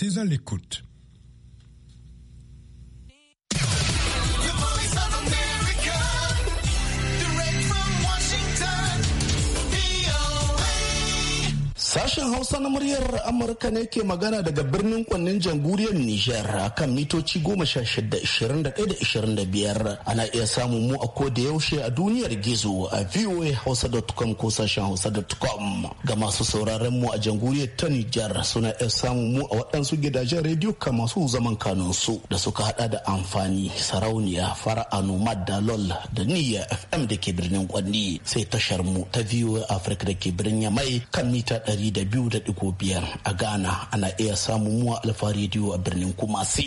C'est à l'écoute. Sashen Hausa na muryar Amurka ne ke magana daga birnin kwannin jamhuriyar Nijar a kan mitoci goma sha shida ishirin da da ishirin da biyar. Ana iya samun mu a ko da yaushe a duniyar gizo a voahausa.com ko sashen hausa.com. Ga masu sauraron mu a jamhuriyar ta Nijar suna iya samun mu a waɗansu gidajen rediyo ka masu zaman kanunsu da suka haɗa da amfani sarauniya fara'a nomad da lol da niyya FM da ke birnin kwanni sai tashar mu ta VOA Africa da ke birnin Yamai kan mita ɗari da da biyu da ɗigo biyar a Ghana ana iya samun mu Alfa Radio a birnin Kumasi.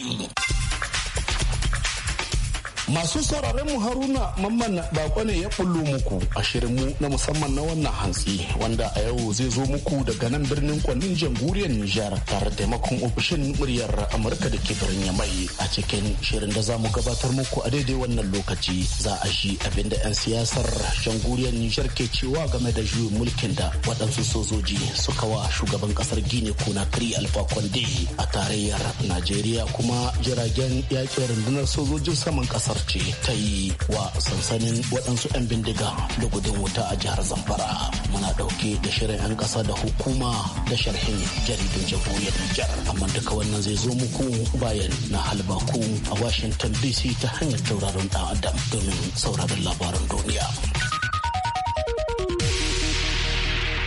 Masu sauraron mu Haruna Mamman Bako ne ya bullo muku a shirin mu na musamman na wannan hantsi wanda a yau zai zo muku daga nan birnin kwannin jamhuriyar Nijar tare da makon ofishin muryar Amurka da ke birnin Yamai a cikin shirin da za mu gabatar muku a daidai wannan lokaci za a shi abinda 'yan siyasar jamhuriyar Nijar ke cewa game da juyin mulkin da waɗansu sojoji suka wa shugaban ƙasar Gini Conakry Alpha Conde a tarayyar Najeriya kuma jiragen yakin rundunar sojojin saman ƙasar farce ta yi wa sansanin waɗansu 'yan bindiga da gudun wuta a jihar zamfara muna ɗauke da shirin 'yan ƙasa da hukuma da sharhin jaridun jamhuriyar nijar amma duka wannan zai zo muku bayan na halbaku a washington dc ta hanyar tauraron ɗan adam domin sauraron labaran duniya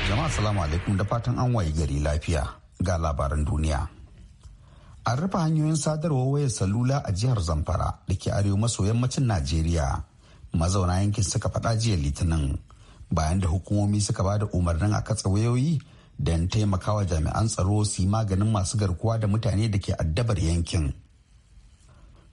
jama'a salamu alaikum da fatan an waye gari lafiya ga labaran duniya an rufe hanyoyin sadarwar wayar salula a jihar zamfara da ke arewa maso yammacin najeriya mazauna yankin suka faɗa jiya litinin bayan da hukumomi suka ba da umarnin a katsa wayoyi don taimakawa jami'an tsaro su yi maganin masu garkuwa da mutane da ke addabar yankin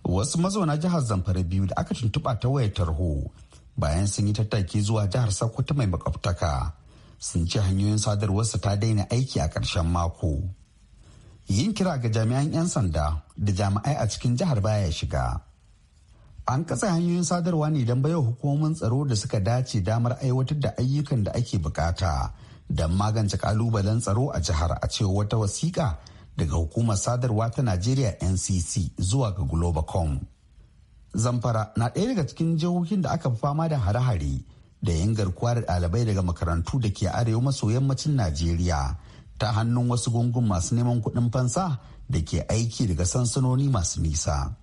wasu mazauna jihar zamfara biyu da aka tuntuɓa ta wayar tarho bayan sun yi tattaki zuwa jihar sokoto mai makwabtaka sun ce hanyoyin sadarwarsa ta daina aiki a ƙarshen mako yin kira ga jami'an 'yan sanda da jami'ai a cikin jihar baya shiga an kasa hanyoyin sadarwa ne don baiwa hukumomin tsaro da suka dace damar aiwatar da ayyukan da ake bukata don magance kalubalen tsaro a jihar a cewa wata wasiƙa daga hukumar sadarwa ta najeriya ncc zuwa ga globacom zamfara na ɗaya daga cikin jihohin da aka fi fama da hare-hare da yin garkuwa da ɗalibai daga makarantu da ke arewa maso yammacin najeriya ta hannun wasu gungun masu neman kuɗin fansa da ke aiki daga sansanoni masu nisa.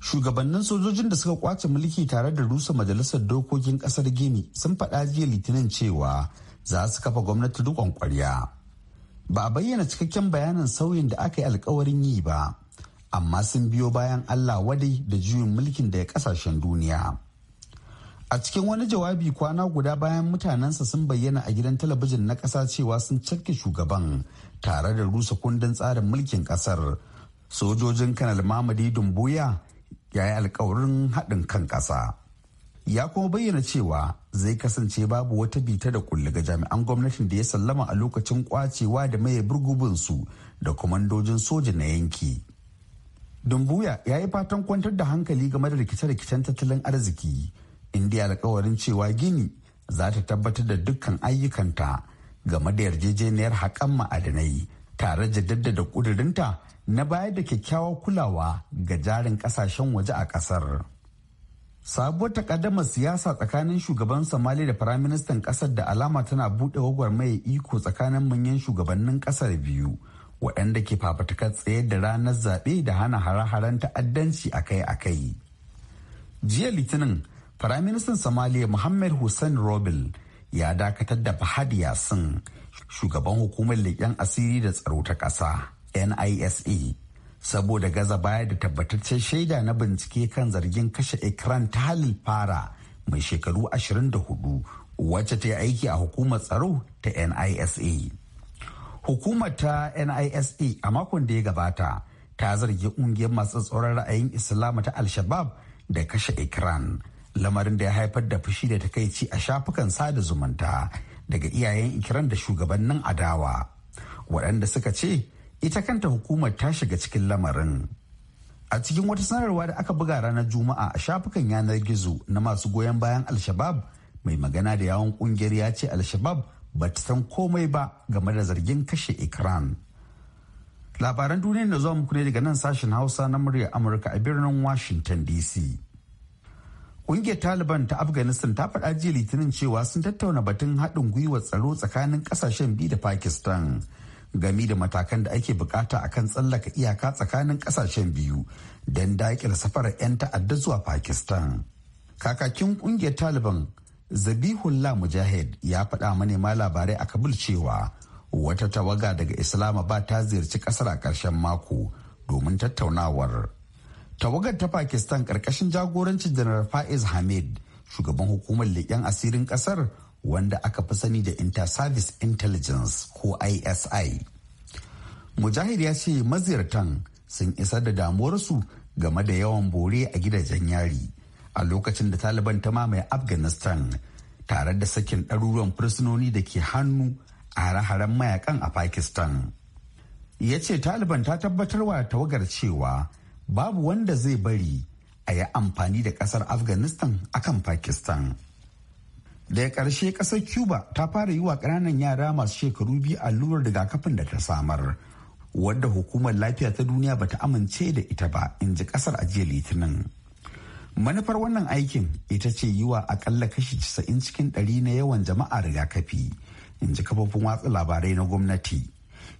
Shugabannin sojojin da suka kwace mulki tare da rusa majalisar dokokin kasar Gini sun faɗa jiya litinin cewa za su kafa gwamnati rikon kwarya. Ba a bayyana cikakken bayanin sauyin da aka yi alkawarin yi ba, amma sun biyo bayan Allah wadai da juyin mulkin da ya kasashen duniya. a cikin wani jawabi kwana guda bayan mutanensa sun bayyana a gidan talabijin na ƙasa cewa sun cafke shugaban tare da rusa kundin tsarin mulkin ƙasar sojojin kanal mamadi dumbuya ya yi alkawarin haɗin kan ƙasa ya kuma bayyana cewa zai kasance babu wata bita da kulle ga jami'an gwamnatin da ya sallama a lokacin kwacewa da maye burgubinsu da kwamandojin soja na yanki dumbuya ya yi fatan kwantar da hankali game da rikice-rikicen tattalin arziki india alkawarin cewa gini za ta tabbatar da dukkan ayyukanta game da yarjejeniyar haƙan ma'adanai tare da daddada ƙudurinta na bayar da kyakkyawar kulawa ga jarin ƙasashen waje a ƙasar. sabuwar takaddamar siyasa tsakanin shugaban somali da firaministan ƙasar da alama tana buɗe wagwar mai iko tsakanin manyan shugabannin ƙasar biyu waɗanda ke fafatakar tsayar da ranar zaɓe da hana hare-haren ta'addanci akai-akai. jiya litinin Firaministan Somalia Muhammad Hussein Robil ya dakatar da Fahad Yasin, shugaban hukumar leƙen asiri da tsaro ta ƙasa NISA, saboda gaza baya da tabbataccen shaida na bincike kan zargin kashe Ikran Talil Fara mai shekaru 24 wacce ta yi aiki a hukumar tsaro ta NISA. Hukumar ta NISA a makon da ya gabata ta zargi ƙungiyar masu tsoron ra'ayin Islam ta Al-Shabab da kashe Ikran. lamarin da ya haifar da fushi da takaici a shafukan sada zumunta daga iyayen ikiran da shugabannin adawa waɗanda suka ce ita kanta hukumar ta shiga cikin lamarin a cikin wata sanarwa da aka buga ranar juma'a a shafukan yanar gizo na masu goyon bayan alshabab mai magana da yawon kungiyar ya ce alshabab ba ta san komai ba game da zargin kashe ikran labaran duniya na zuwa muku ne daga nan sashen hausa na murya amurka a birnin washington dc Ƙungiyar Taliban ta Afghanistan ta faɗa jiya Litinin cewa sun tattauna batun haɗin gwiwar tsaro tsakanin ƙasashen biyu da Pakistan game da matakan da ake bukata akan tsallaka iyaka tsakanin ƙasashen biyu don daƙil safarar 'yan ta'adda zuwa Pakistan. Kakakin ƙungiyar Taliban Zabihullah Mujahid ya faɗa manema labarai a Kabul cewa wata tawaga daga ba ta ziyarci ƙasar a ƙarshen mako domin tattaunawar. tawagar ta pakistan karkashin jagorancin janar faiz hamid shugaban hukumar leƙen asirin ƙasar wanda aka fi sani da inter service intelligence ko isi mujahid ya ce maziyartan sun isa da damuwarsu game da yawan bore a gidajen yari a lokacin da taliban ta mamaye afghanistan tare da sakin ɗaruruwan fursunoni da ke hannu a hare-haren mayakan a pakistan ya ce taliban ta tabbatarwa tawagar cewa babu wanda zai bari a yi amfani da kasar afghanistan akan pakistan daga ƙarshe ƙasar cuba ta fara yi wa ƙananan yara masu shekaru biyu allurar rigakafin da ta samar wadda hukumar lafiya ta duniya bata amince da ita ba in ji ƙasar a litinin manufar wannan aikin ita ce yi wa akalla kashi casa'in cikin ɗari na yawan jama'a rigakafi in ji kafofin watsa labarai na gwamnati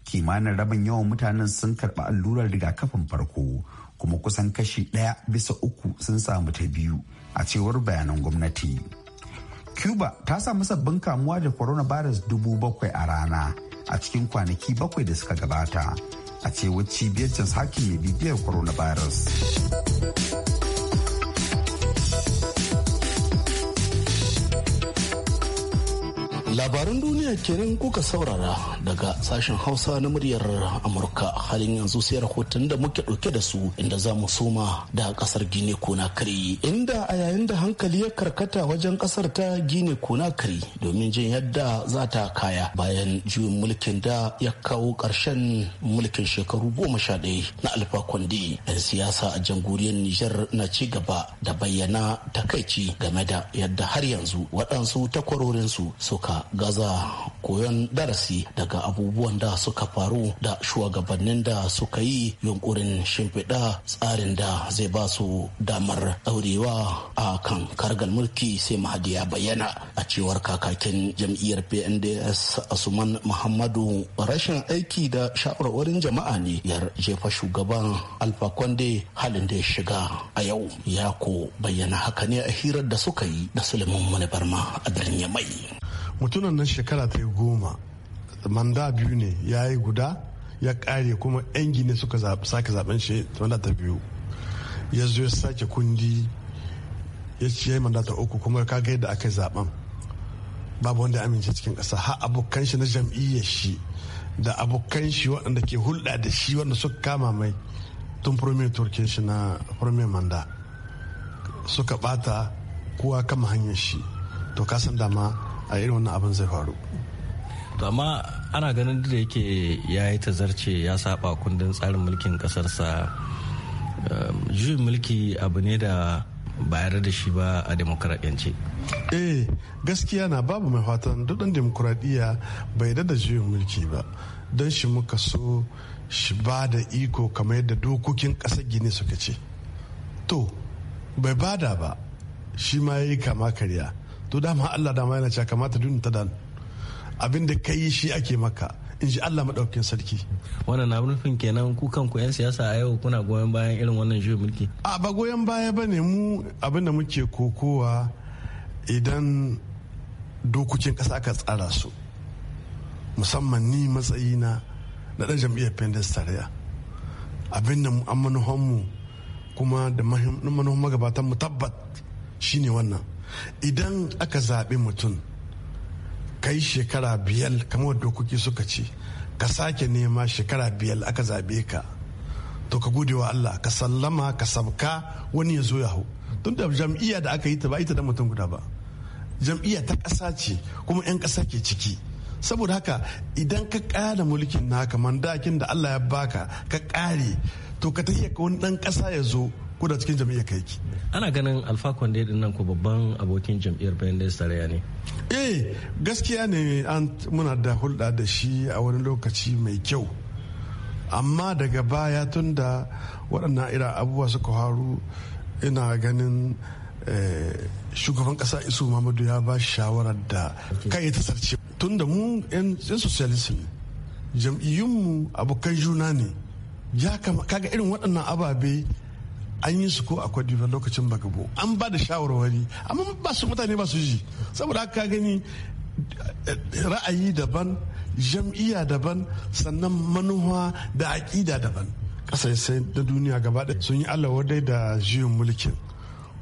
kimanin rabin yawan mutanen sun karɓi allurar rigakafin farko kuma kusan kashi ɗaya bisa uku sun samu ta biyu a cewar bayanan gwamnati. Cuba ta samu sabbin kamuwa da coronavirus dubu bakwai a rana a cikin kwanaki bakwai da suka gabata a cewar cibiyar Johns Hopkins mai bibiyar coronavirus. labaran duniya kenan kuka saurara daga sashen hausa na muryar amurka halin yanzu sai rahoton da muke ɗauke da su inda za mu soma da kasar gine kari inda a yayin da hankali ya karkata wajen kasar ta gine kari domin jin yadda za ta kaya bayan juyin mulkin da ya kawo ƙarshen mulkin shekaru goma sha ɗaya na alfa kwandi yan siyasa a jamhuriyar nijar na ci gaba da bayyana takaici game da yadda har yanzu waɗansu takwarorinsu suka gaza koyon darasi daga abubuwan da suka faru da shugabannin da suka yi yunkurin shimfiɗa tsarin da zai ba su damar ɗaurewa a kan kargar mulki sai mahadi ya bayyana a cewar kakakin jam'iyyar pnds asuman muhammadu rashin aiki da shawarwarin jama'a ne yar jefa shugaban alfa konde halin da ya shiga a yau ya ko bayyana haka ne a hirar da suka yi da suleiman mani barma a birnin yamai mutunan nan shekara ta yi goma manda biyu ne ya yi guda ya kare kuma yan gine suka sake zaben shi manda ta biyu ya zo ya sake kundi ya ce ya yi manda ta uku kuma ka ga yadda aka zaben babu wanda ya amince cikin ƙasa har abokan shi na jam'iyyar shi da abokan shi waɗanda ke hulɗa da shi wanda suka kama mai tun premier turkin shi na premier manda suka bata kowa kama hanyar shi to kasan dama a irin wannan abin zai faru to amma ana ganin da yake ya yi zarce ya saba kundin tsarin mulkin kasarsa um, juyin mulki abu ne da ba yarda da shi ba a demokuraɗiyance. eh gaskiya na babu mai fatan ɗan demokuraɗiyya bai da juyin mulki ba don shi muka so shi ba da iko kamar yadda dokokin ƙasar gini suka ce to bai bada ba shi ma ya yi kama karya to dama Allah dama yana cewa kamata duniya ta dan abin da kai shi ake maka in ji Allah maɗaukin sarki. Wannan na nufin kenan ku kanku 'yan siyasa a yau kuna goyon bayan irin wannan juyin mulki? A ba goyon baya ba ne mu abin da muke kokowa idan dokokin ƙasa aka tsara su. Musamman ni matsayina na ɗan jam'iyyar Pendes tarayya. Abin da an manuhanmu kuma da manuhan magabatan mu tabbat shine wannan. idan aka zaɓi mutum kai shekara biyar kamar dokoki suka ce ka sake nema shekara biyar aka zaɓe ka to ka gode wa Allah ka sallama ka sabka wani ya zo ya hau tun da jam'iyya da aka yi ta ba ita da mutum guda ba jam'iyya ta ƙasa ce kuma 'yan ƙasa ke ciki saboda haka idan ka ƙara mulkin naka mandakin da Allah ya baka ka ƙare to ka tafiya ka wani ɗan ƙasa ya zo ko da cikin jam'iyyar ka yake ana ganin alfa kwande din nan ko babban abokin jam'iyyar bayan ya ne eh gaskiya ne an muna da hulɗa da shi a wani lokaci mai kyau amma daga baya tun da waɗannan ira abubuwa suka faru ina ganin eh, shugaban ƙasa isu mamadu ya ba shawarar da kai ya sarce tun da mu 'yan socialism jam'iyyunmu abokan juna ne ya kama kaga irin waɗannan ababe an yi su ko a kwadi lokacin bagabo an ba da shawarwari amma ba su mutane ba su ji saboda haka gani ra'ayi daban jam'iyya daban sannan manuwa da aƙida daban ƙasashe na duniya gaba ɗaya sun yi allah wadai da juyin mulkin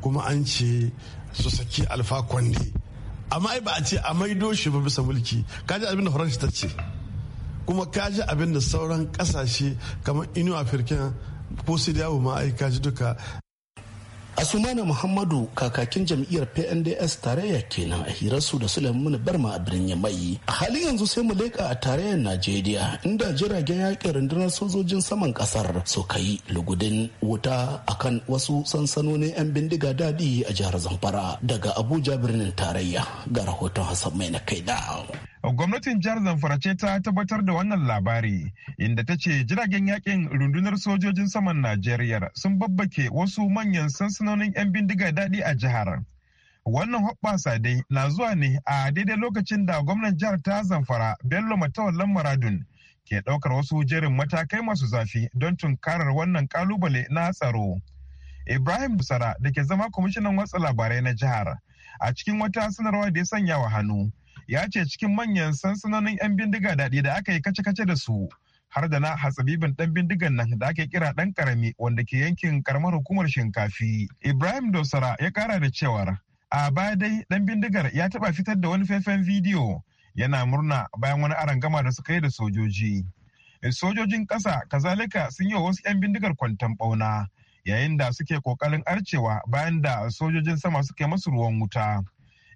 kuma an ce su saki alfa kwande amma ai ba a ce a maido shi ba bisa mulki kaji abin da faransa ta ce kuma kaji abin da sauran kasashe kamar inu afirka ko sai da ma'aika ji duka asumana muhammadu kakakin jam'iyyar pnds tarayya kenan a hirarsu da sulaiman barma a birnin mai a halin yanzu sai mu leƙa a tarayyar najeriya inda jiragen yaƙin rundunar sojojin saman ƙasar su kai lugudin wuta akan wasu sansanonin 'yan bindiga daɗi a jihar zamfara daga abuja birnin tarayya ga rahoton hassan mai na kai da Gwamnatin jihar Zamfara ce ta tabbatar da wannan labari inda ta ce jiragen yakin rundunar sojojin saman Najeriya sun babbake wasu manyan sansanonin 'yan bindiga daɗi a jihar. Wannan hoɓɓasa dai na zuwa ne a daidai lokacin da gwamnan jihar ta Zamfara Bello Matawallan Maradun ke ɗaukar wasu jerin matakai masu zafi don tunkarar wannan ƙalubale na tsaro. Ibrahim Busara da ke zama kwamishinan watsa labarai na jihar a cikin wata sanarwa da ya sanya wa hannu. ya ce cikin manyan sansanonin 'yan bindiga daɗi da aka yi kace-kace da su har da na hatsabibin ɗan bindigan nan da ake kira ɗan ƙarami wanda ke yankin ƙaramar hukumar shinkafi. Ibrahim Dosara ya kara da cewar a baya dai ɗan bindigar ya taɓa fitar da wani faifan bidiyo yana murna bayan wani gama da suka yi da sojoji. Eh, sojojin ƙasa kazalika sun yi wasu 'yan bindigar kwantan ɓauna yayin da suke ƙoƙarin arcewa bayan da sojojin sama suke masu ruwan wuta.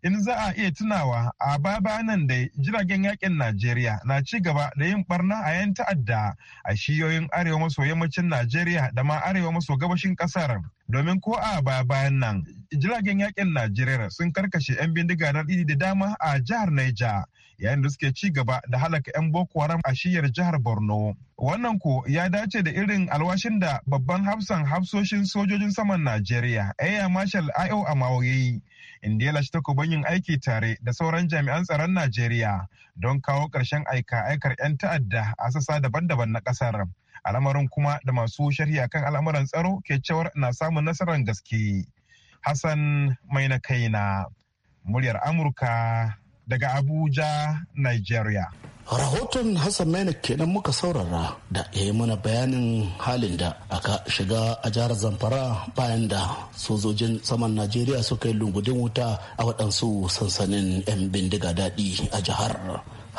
in za a iya tunawa a baba nan da jiragen yakin najeriya na ci gaba da yin barna a yan ta'adda a shiyoyin arewa maso yammacin najeriya da ma arewa maso gabashin kasar domin ko a baya bayan nan jiragen yakin Najeriya sun karkashe 'yan bindiga na ɗidi da dama a jihar Naija yayin da suke ci gaba da halaka 'yan Boko Haram a shiyar jihar Borno. Wannan ko ya dace da irin alwashin da babban hafsan hafsoshin sojojin saman Najeriya Air Marshal Ayo Amawo ya yi inda ya lashe takobin yin aiki tare da sauran jami'an tsaron Najeriya don kawo ƙarshen aika aikar 'yan ta'adda a sassa daban-daban na ƙasar. al'amarin kuma da masu sharhi kan al'amuran tsaro ke cewar na samun nasarar gaske hassan mai na kaina muryar amurka daga abuja nigeria rahoton hassan maina kenan muka saurara da ya yi mana bayanin halin da aka shiga a jihar zamfara bayan da sojojin saman najeriya suka yi lungudin wuta a waɗansu sansanin 'yan bindiga daɗi a jihar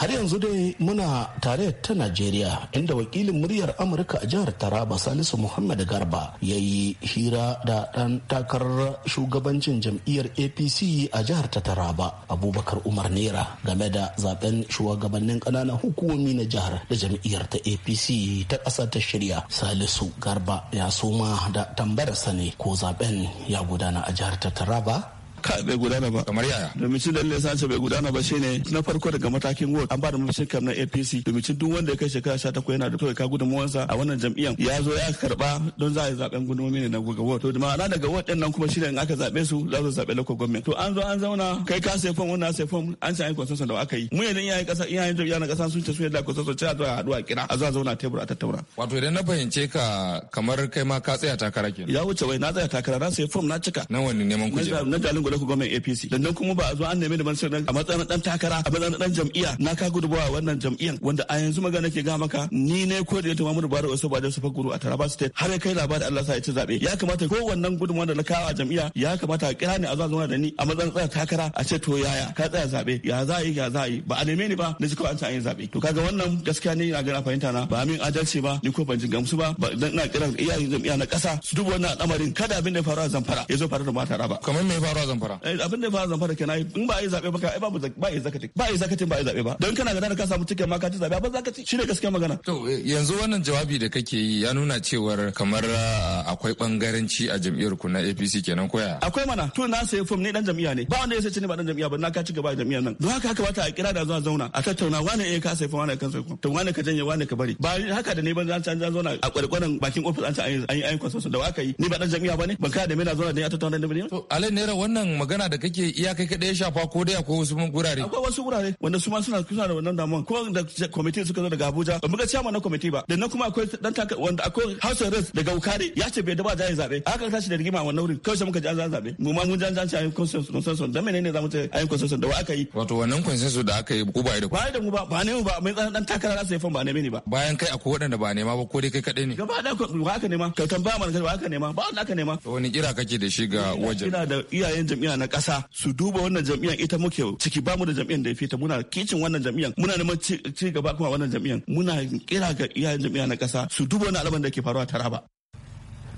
har yanzu dai muna tare ta najeriya inda wakilin muryar amurka a jihar taraba salisu muhammad garba ya yi hira da ɗan takarar shugabancin jam'iyyar apc a jihar ta taraba abubakar umar nera game da zaben shugabannin ƙananan hukumomi na jihar da jam'iyyar ta apc ta ƙasa ta shirya salisu garba ya soma da tambayarsa sani ko zaben ya gudana a jihar ta taraba ka bai gudana ba kamar yaya domin cin dalilin sace bai gudana ba shine na farko daga matakin ward an ba da mafi kam na APC domin cin duk wanda ya kai shekara sha takwai yana da kawai ka gudunmuwansa a wannan jam'iyyar ya zo ya karba don za a yi zaben gudunmomi ne na goga ward to da ma'ana daga ward din nan kuma shine in aka zabe su za su zabe local government to an zo an zauna kai ka sai fom wannan sai fom an sai consensus da aka yi mu yanzu iyayen kasa iyayen jam'iyyar na kasa sun ce su yadda consensus ce a zo a haɗu a kira a zo a zauna tebur a tattauna wato idan na fahimce ka kamar kai ma ka tsaya takara kenan ya wuce wai na tsaya takara na sai fom na cika na wani neman kuje na jalin ku gwamnan APC dan kuma ba a zo an neme da mansur a matsayin dan takara a matsayin dan jam'iyya na ka gudunmawa wannan jam'iyyan wanda a yanzu magana ke ga maka ni ne ko da yata Muhammadu Buhari wasu ba da su fakuru a Taraba State har kai labarin Allah sa ya ci zabe ya kamata ko wannan gudunmawa da na kawo a jam'iyya ya kamata a kira ni a zo zauna da ni a matsayin tsaya takara a ce to yaya ka tsaya zabe ya za yi ya za yi ba a neme ni ba na ji ko an ci an yi zabe to kaga wannan gaskiya ne ina ga fahimta na ba min adalci ba ni ko ban jin gamsu ba dan ina kira iyayen jam'iyya na kasa su duba wannan al'amarin kada abin da ya faru a Zamfara ya zo faru da mata Raba kamar me ya faru a zamfara eh, abin da ba zamfara kenan in ba yi zaɓe ba kai babu ba yi zakati ba yi zakati ba yi zaɓe ba don kana ganin ka samu cikin ma ka ci zaɓe ba zakati shine gaskiya magana to eh, yanzu wannan jawabi da kake yi ya nuna cewar kamar ah, akwai bangaranci a jam'iyyar ku na APC kenan koya akwai mana to na sayi fom ne dan jam'iyya ne ba wanda ya sayi ne ba dan jam'iyya ba na ka ci gaba jam'iyya nan don haka haka bata a kira da zuwa zauna a tattauna wane eh ka sayi fom wane kan sayi fom to wane ka janye wane ka bari ba haka da ne ban zan canza zauna a kwarkwaran bakin ofis an ci an yi an ayyukan sosai da aka yi ni ba dan jam'iyya ba ne ban ka da me na zauna ne a tattauna da ne to alai ne wannan magana da kake iya kai kaɗai shafa ko dai akwai wasu gurare. Akwai wasu gurare wanda su ma suna suna da wannan damuwan ko da kwamitin suka zo daga Abuja ba mu ga ciyama na kwamiti ba da nan kuma akwai dan taka wanda akwai House of Reps daga Ukari ya ce bai daba ba jayin zabe aka tashi da rigima wannan wurin kawai sai muka ji an zabe mu ma mun ji an ji ayin consensus dan menene zamu ce ayin consensus da wa aka yi. Wato wannan consensus da aka yi ku ba da ku. Ba da mu ba ba ne mu ba mai dan taka za su yi fan ba ne mini ba. Bayan kai akwai waɗanda ba ne ma ba ko dai kai kaɗai ne. Gaba da ku ba aka nema ka tambaya mana ba aka nema ba wanda aka nema. Wani kira kake da shi ga wajen. Ina da iyayen jam'iyya na ƙasa su duba wannan jami'an ita muke ciki bamu da jam'iyyar da ya fita muna kicin wannan jam'iyyar muna neman ci gaba kuma wannan jam'iyyar muna kira ga iyayen jami'a na ƙasa su duba wannan al'amarin da ke faruwa taraba.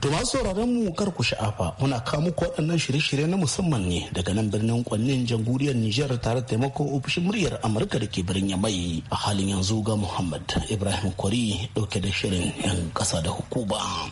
To masu sauraron mu kar ku sha'afa muna kawo muku waɗannan shirye-shirye na musamman ne daga nan birnin kwannin jamhuriyar Nijar tare da taimakon ofishin muryar Amurka da ke birnin Yamai a halin yanzu ga Muhammad Ibrahim Kwari ɗauke da shirin 'yan ƙasa da hukuma.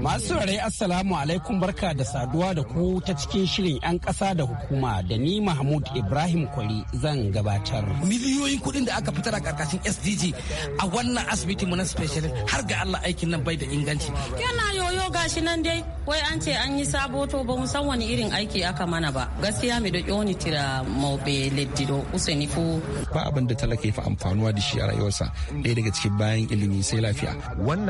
Masu rare Assalamu alaikum barka da saduwa da ku ta cikin shirin 'yan ƙasa da hukuma da ni Mahmud Ibrahim Kwari zan gabatar. Miliyoyin kuɗin da aka fitar a karkashin SDG a wannan asibiti mu na special har ga Allah aikin nan bai da inganci. Yana yoyo gashi nan dai wai an ce an yi saboto ba mu san wani irin aiki aka mana ba. Gaskiya mi da kyoni tira maube leddido usaini ko. Ba abin da talaka ya fi amfanuwa da shi a rayuwarsa ɗaya daga cikin bayan ilimi sai lafiya.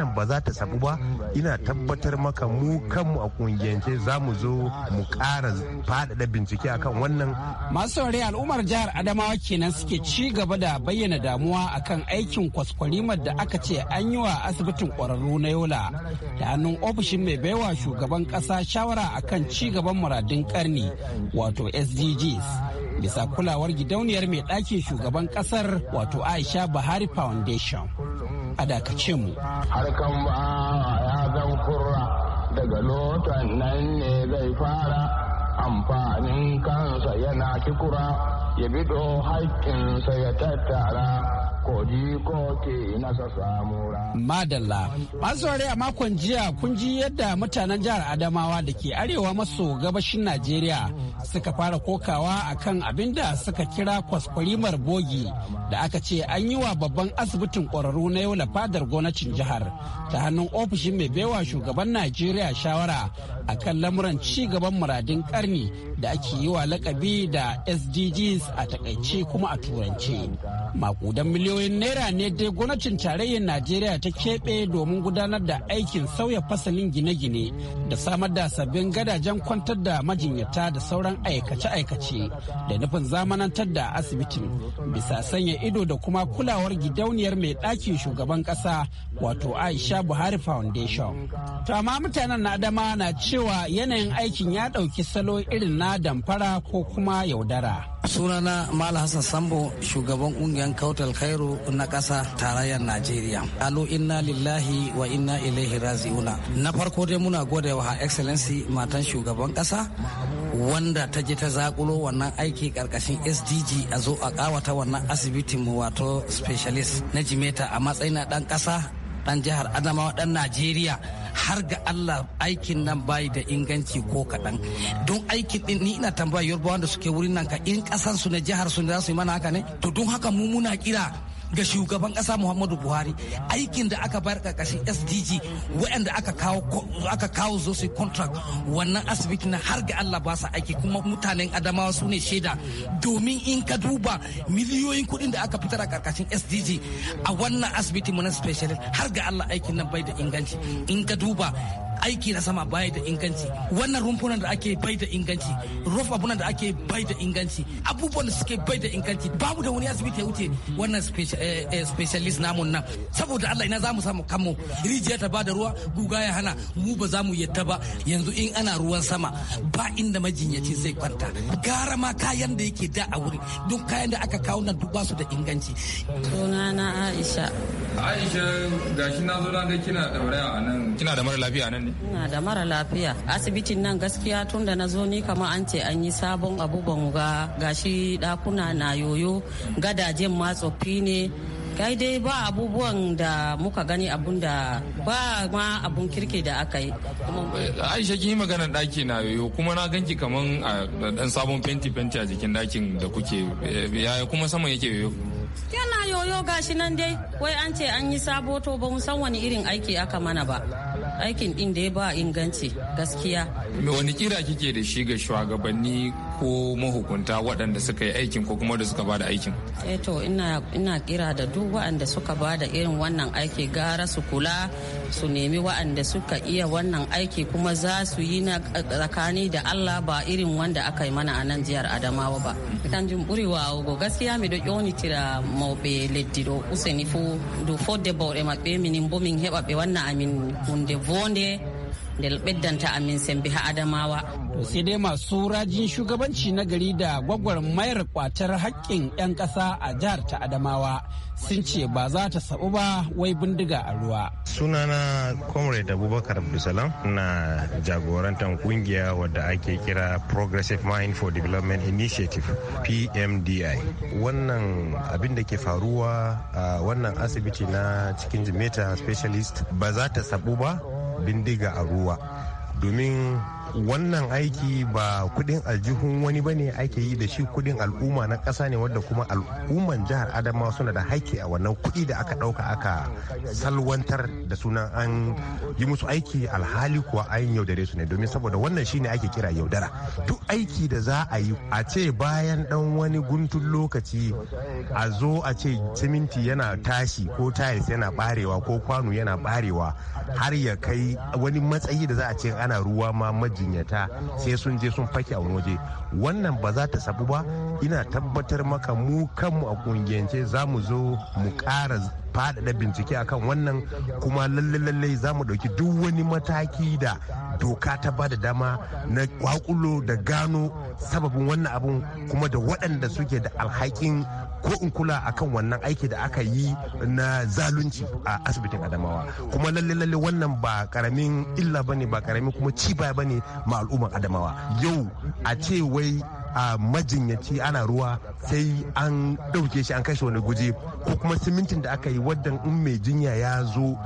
wannan ba za ta sabu ba ina tabbatar maka mu kanmu a kungiyance za mu zo mu ƙara faɗaɗa bincike akan wannan. Masu rai al'ummar jihar Adamawa kenan suke ci gaba da bayyana damuwa akan aikin kwaskwarimar da aka ce an yi wa asibitin kwararru na Yola da hannun ofishin mai baiwa shugaban ƙasa shawara akan ci gaban muradun karni wato SDGs bisa kulawar gidauniyar mai ɗakin shugaban ƙasar wato Aisha Buhari Foundation. a dakace mu harkan ba ya zan kurra daga lotan nan ne zai fara amfanin kansa yana kikura ya bido sai ya tattara ko Madalla, masu a makon jiya kun ji yadda mutanen jihar Adamawa da ke arewa maso gabashin Najeriya suka fara kokawa akan abin da suka kira kwaskwarimar bogi da aka ce an yi wa babban asibitin ƙwararru na yau fadar gwamnatin jihar ta hannun ofishin mai baiwa shugaban Najeriya shawara akan lamuran ci gaban muradin karni da ake yi wa lakabi da SDGs a takaice kuma a turance makudan miliyoyin naira ne dai gwamnatin tarayyar najeriya ta keɓe domin gudanar da aikin sauya fasalin gine-gine da samar da sabbin gadajen kwantar da majinyata da sauran aikace-aikace da nufin zamanantar da asibitin bisa sanya ido da kuma kulawar gidauniyar mai ɗakin shugaban ƙasa wato aisha buhari foundation to amma mutanen na adama na cewa yanayin aikin ya ɗauki salo irin na damfara ko kuma yaudara sunana Malam Hassan Sambo shugaban kungiyar Kautal Kairo na ƙasa tarayyar Najeriya. Alo inna lillahi wa inna ilaihi razi'una. Na farko dai muna gode wa excellency matan shugaban ƙasa wanda ta je ta zakulo wannan aiki karkashin SDG a zo a kawata wannan asibitin mu wato specialist na Jimeta a matsayin dan ɗan ƙasa ɗan jihar Adamawa ɗan Najeriya har ga Allah aikin nan bai da inganci ko kaɗan don aikin din ni ina tambaya Yorubawa da suke wurin nan ka in kasan su na jihar su ne za su yi mana haka ne to don haka mu muna kira ga shugaban kasa muhammadu buhari aikin da aka bar karkashin sdg waɗanda aka kawo aka kawo zo su contract wannan asibiti na har ga allah ba sa aiki kuma mutanen adamawa su ne shaida domin in ka duba miliyoyin kuɗin da aka fitar a karkashin sdg a wannan asibiti mu na special har ga allah aikin nan bai da inganci in ka duba aiki na sama baya da inganci wannan rumfunan da ake bai da inganci roof abunan da ake bai da inganci abubuwan da suke bai da inganci babu da wani asibiti ya wuce wannan eh, eh, specialist namun nan saboda Allah ina zamu samu kanmu rijiya ta bada ruwa guga ya hana mu ba za yadda ba yanzu in ana ruwan sama ba inda majinyaci zai kwanta gara ma kayan da yake da a wuri don kayan da aka kawo na duk ba su da inganci sunana Aisha Aisha gashi na zo na ga kina dauraya a nan. Kina da mara lafiya nan ne? Ina da mara lafiya. Asibitin nan gaskiya tun da na zo ni kamar an ce an yi sabon abu ban ga gashi dakuna na yoyo gadajen ma tsofi ne kai dai ba abubuwan da muka gani abun da ba ma abun kirki da aka yi aisha kin yi magana daki na yoyo kuma na ganki kaman a dan sabon fenti fenti a jikin dakin da kuke eh, yaya kuma saman yake yoyo yana yoyo gashi nan dai wai an ce an yi sabo to ba mu san wani irin aiki aka mana ba aikin din da ya ba inganci gaskiya me wani kira kike da shi ga shugabanni ko mahukunta waɗanda suka yi aikin ko kuma da suka ba da aikin Eto eh to ina kira da duk waɗanda suka ba da irin wannan aiki gara su kula su nemi waɗanda suka iya wannan aiki kuma za su yi na tsakani da Allah ba irin wanda aka yi mana a nan jihar Adamawa ba kan burewa ogo gaskiya mi do yoni tira mawɓe leddi do useni fu do fodde bawɗe maɓɓe minin bo min heɓa ɓe wannan amin hunde day. da ta amin biha adamawa. sai dai masu rajin shugabanci na gari da mayar kwatar haƙƙin 'yan ƙasa a jihar ta adamawa sun ce ba za ta sabu ba wai bindiga a ruwa. sunana comrade abubakar abdulsalam na jagorantar kungiya wadda ake kira progressive mind for development initiative pmdi wannan abin da ke faruwa a wannan asibiti na cikin jimeta specialist ba za ta sabu ba bindiga a ruwa domin wannan aiki ba kudin aljihun wani bane ake yi da shi kudin al'umma na ƙasa ne wadda kuma al'umman jihar adama suna da haƙƙi a wannan kuɗi da aka ɗauka aka salwantar da sunan an yi musu aiki alhali kuwa an yaudare su ne domin saboda wannan shine ake kira yaudara duk aiki da za a yi a ce bayan dan wani guntun lokaci a zo a ce siminti yana tashi ko tiles yana barewa ko kwano yana barewa har ya kai wani matsayi da za a ce ana ruwa ma maji majinyata sai sun je sun faki a waje wannan ba za ta sabu ba ina tabbatar maka mu kanmu a kungiyance za mu zo mu kara faɗaɗa bincike akan wannan kuma lalle-lalle za mu ɗauki duk wani mataki da doka ta ba da dama na kwakulo da gano sababin wannan abun kuma da waɗanda suke da alhakin ko in kula akan wannan aiki da aka yi na zalunci a asibitin adamawa kuma lalle lalle wannan ba karamin illa bane ba karamin kuma ci baya bane ma al'ummar adamawa yau a ce wai a majinyaci ana ruwa sai an ɗauke shi an kashe wani guje ko kuma simintin da aka yi waddan in mai jinya ya zo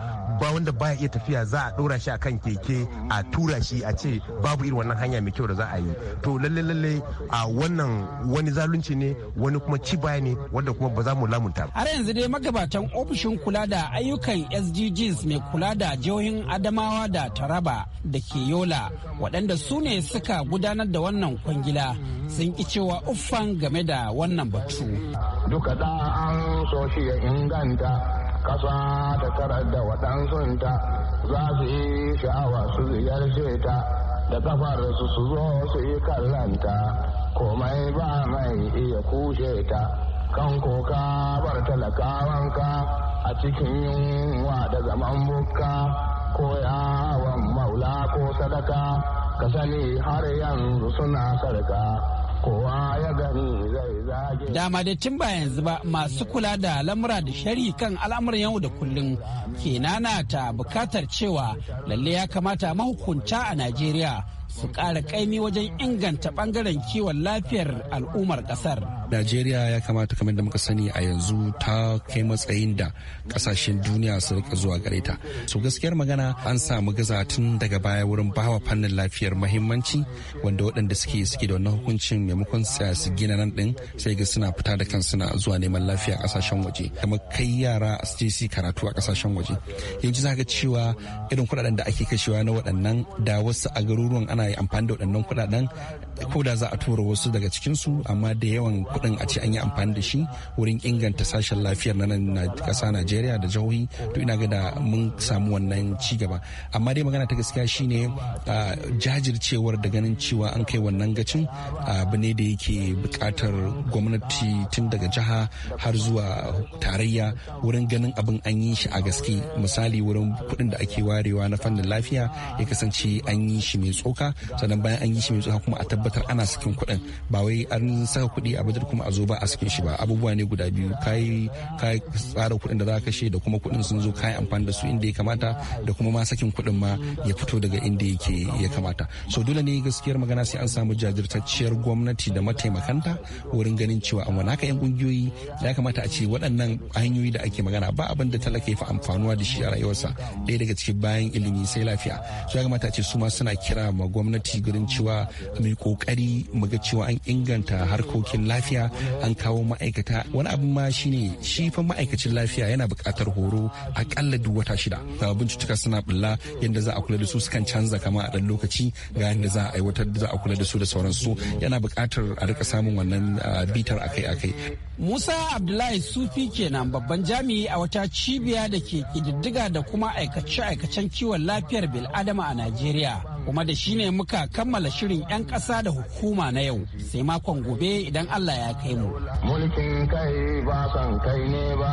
ba wanda baya iya tafiya za a ɗora shi a kan keke a tura shi a ce babu irin wannan hanya mai kyau da za a yi to lalle lalle a wannan wani zalunci ne wani kuma ci baya ne wanda kuma ba za mu lamunta har yanzu dai magabatan ofishin kula da ayyukan SDGs mai kula da jihohin Adamawa da Taraba da ke Yola waɗanda su ne suka gudanar da wannan kwangila sun ki cewa uffan game da wannan batu duka da an so shi ya inganta ƙasa ta tarar da waɗansunta za su yi sha'awa su ziyarce ta da kafar su su zo su yi kallanta komai ba mai iya kushe ta kan koka bar talakawanka a cikin yunwa da zaman bukka ko yawon maula ko sadaka ka sani har yanzu suna sarka kowa dama dai tun ba yanzu ba masu kula da lamura da shari kan al'amuran yau da kullum ke nana ta bukatar cewa lalle ya kamata mahukunta a najeriya su ƙara ƙaimi wajen inganta ɓangaren kiwon lafiyar al'ummar ƙasar. najeriya ya kamata kamar da muka sani a yanzu ta kai matsayin da kasashen duniya su rika zuwa gare ta so gaskiyar magana an samu gaza tun daga baya wurin bawa fannin lafiyar mahimmanci wanda waɗanda suke suke da wannan hukuncin maimakon su gina nan din sai ga suna fita da kansu na zuwa neman lafiya a kasashen waje kamar kai yara su je su karatu a kasashen waje yanzu za ka cewa irin kuɗaɗen da ake kashewa na waɗannan da wasu a garuruwan ana amfani da waɗannan kuɗaɗen ko da za a tura wasu daga cikinsu amma da yawan kuɗin a ce an yi amfani da shi wurin inganta sashen lafiyar na nan kasa najeriya da jihohi to ina ga da mun samu wannan ci gaba amma dai magana ta gaskiya shine jajircewar da ganin cewa an kai wannan gacin abu ne da yake bukatar gwamnati tun daga jiha har zuwa tarayya wurin ganin abin an yi shi a gaske misali wurin kuɗin da ake warewa na fannin lafiya ya kasance an yi shi mai tsoka sannan bayan an yi shi mai tsoka kuma a tabbatar ana sakin kuɗin ba wai an saka kuɗi a da kuma a zo ba a sake shi ba abubuwa ne guda biyu kayi kai tsara kuɗin da za ka kashe da kuma kuɗin sun zo kai amfani da su inda ya kamata da kuma ma sakin kuɗin ma ya fito daga inda yake ya kamata so dole ne gaskiyar magana sai an samu jajirtacciyar gwamnati da mataimakanta wurin ganin cewa an wani yan kungiyoyi ya kamata a ce waɗannan hanyoyi da ake magana ba abin da talaka ya fi amfanuwa da shi a rayuwarsa ɗaya daga cikin bayan ilimi sai lafiya so ya kamata a ce su ma suna kira ma gwamnati gurin cewa mai kokari mu ga cewa an inganta harkokin lafiya lafiya an kawo ma'aikata wani abin ma shine shi fa ma'aikacin lafiya yana buƙatar horo akalla duk wata shida ga bincika suna bulla yadda za a kula da su sukan canza kama a ɗan lokaci ga yadda za a aiwatar da za a kula da su da sauransu yana buƙatar a rika samun wannan bitar akai-akai. Musa Abdullahi Sufi kenan babban jami'i a wata cibiya da ke kididdiga da kuma aikace-aikacen kiwon lafiyar bil'adama a Najeriya. kuma da shi ne muka kammala shirin 'yan ƙasa da hukuma na yau sai makon gobe idan Allah ya kai mu. Mulkin kai ba son kai ne ba,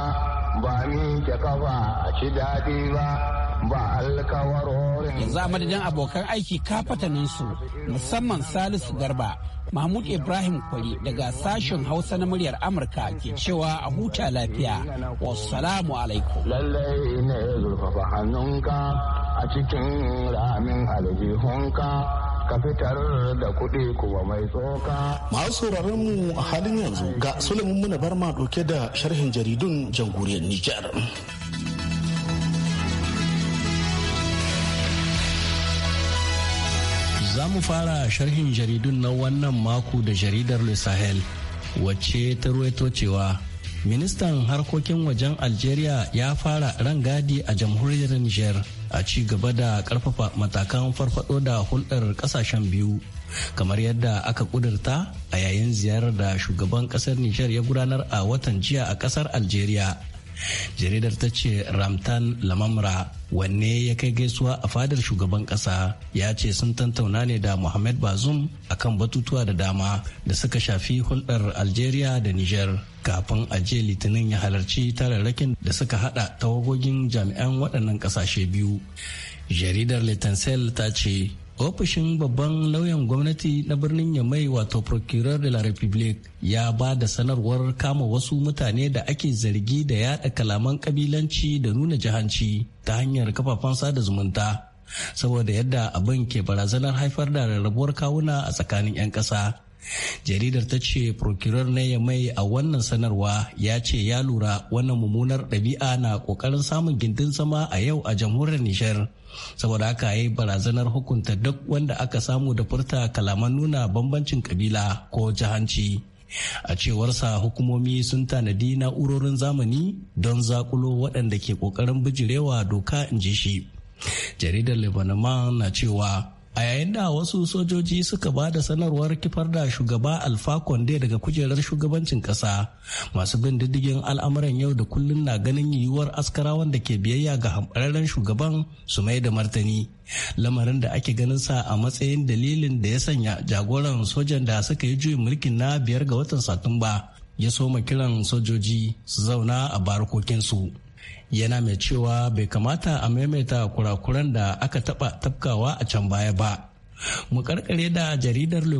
ba ni kafa a ci daɗi ba. ba alkawarorin. Yanzu a madadin abokan aiki kafataninsu musamman Salisu Garba, Mahmud Ibrahim Kwari daga sashen Hausa na muryar Amurka ke cewa a huta lafiya. Wassalamu alaikum. Lallai ne zurfafa hannunka a cikin ramin aljihunka. ka fitar da kuɗi kuma mai tsoka. Masu sauraron mu a halin yanzu ga Suleiman Muna Barma ɗauke da sharhin jaridun jamhuriyar Nijar. Za mu fara sharhin jaridun na wannan mako da jaridar Le Sahel wacce ta ruwaito cewa ministan harkokin wajen Algeria ya fara rangadi a jamhuriyar Niger a ci gaba da karfafa matakan farfado da hulɗar ƙasashen biyu kamar yadda aka kudurta a yayin ziyarar da shugaban ƙasar Niger ya gudanar a watan jiya a ƙasar Algeria. jaridar ta ce ramtan lamamra wanne ya kai gaisuwa a fadar shugaban kasa ya ce sun tantauna ne da muhammad bazum akan batutuwa da dama da suka shafi hulɗar algeria da niger kafin a je litinin ya halarci tararrakin da suka hada tawagogin jami'an waɗannan ƙasashe biyu jaridar letancel ta ce ofishin babban lauyan gwamnati na birnin yamai wato procureur de la republique ya ba da sanarwar kama wasu mutane da ake zargi da yada kalaman kabilanci da nuna jahanci ta hanyar kafafen sada zumunta saboda yadda abin ke barazanar haifar da rarrabuwar kawuna a tsakanin 'yan ƙasa jaridar ta ce prokirar na ya mai a wannan sanarwa ya ce ya lura wannan mummunar ɗabi'a na ƙoƙarin samun gindin sama a yau a jamhuriyar nijar saboda aka yi barazanar hukunta duk wanda aka samu da furta kalaman nuna bambancin kabila ko jahanci a cewarsa hukumomi sun tanadi na'urorin zamani don zakulo waɗanda ke ƙoƙarin bijirewa doka in ji shi jaridar lebanon na cewa a yayin da wasu sojoji suka ba da sanarwar kifar da shugaba alfa konde daga kujerar shugabancin kasa masu bin diddigin al'amuran yau da kullun na ganin yiwuwar askara wanda ke biyayya ga hamɓararren shugaban su mai da martani lamarin da ake ganin sa a matsayin dalilin da ya sanya jagoran sojan da suka yi juyin mulkin na biyar ga watan satumba ya soma kiran sojoji su zauna a barkokinsu yana mai cewa bai kamata a maimaita kurakuran da aka taba tafkawa a can baya ba mu karkare da jaridar le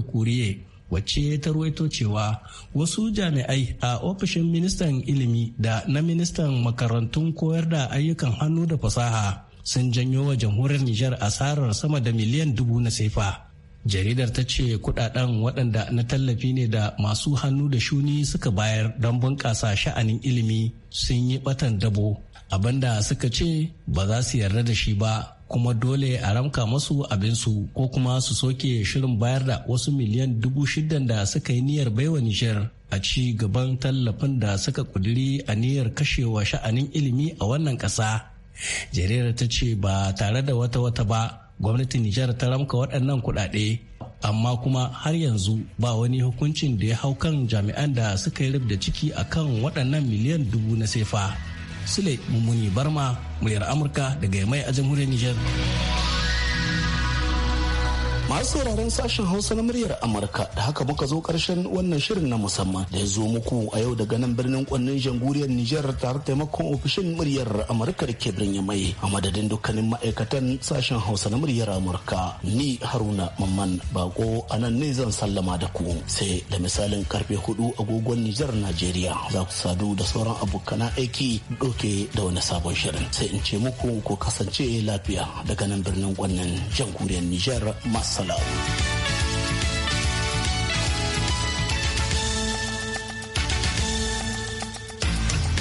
wacce ta ruwaito cewa wasu jami'ai a ofishin ministan ilimi da na ministan makarantun koyar da ayyukan hannu da fasaha sun janyo wa jamhuriyar nijar asarar sama da miliyan dubu na sefa jaridar ta ce kudaden waɗanda na tallafi ne da masu hannu da shuni suka bayar don bunƙasa sha'anin ilimi sun yi batan dabo abinda suka ce ba za su yarda da shi ba kuma dole a ramka masu abinsu ko kuma su soke shirin bayar da wasu miliyan dubu shidan da suka yi niyyar baiwa nijar a ci gaban tallafin da suka kuduri a niyyar kashewa sha'anin ilimi a wannan ƙasa jerera ta ce ba tare da wata wata ba gwamnatin nijar ta ramka waɗannan kuɗaɗe amma kuma har yanzu ba wani hukuncin da ya hau kan jami'an da suka yi da ciki a kan waɗannan miliyan dubu na sefa sule mummuni barma muryar amurka daga mai a jamhuriyar nijar masu sauraron sashen hausa na muryar amurka da haka muka zo karshen wannan shirin na musamman da ya zo muku a yau daga nan birnin kwannin jamhuriyar nijar tare taimakon ofishin muryar amurka da ke birnin mai a madadin dukkanin ma'aikatan sashen hausa na muryar amurka ni haruna mamman bako a nan ne zan sallama da ku sai da misalin karfe hudu agogon nijar najeriya za ku sadu da sauran abokan aiki doke da wani sabon shirin sai in ce muku ko kasance lafiya daga nan birnin kwannin jamhuriyar nijar masu for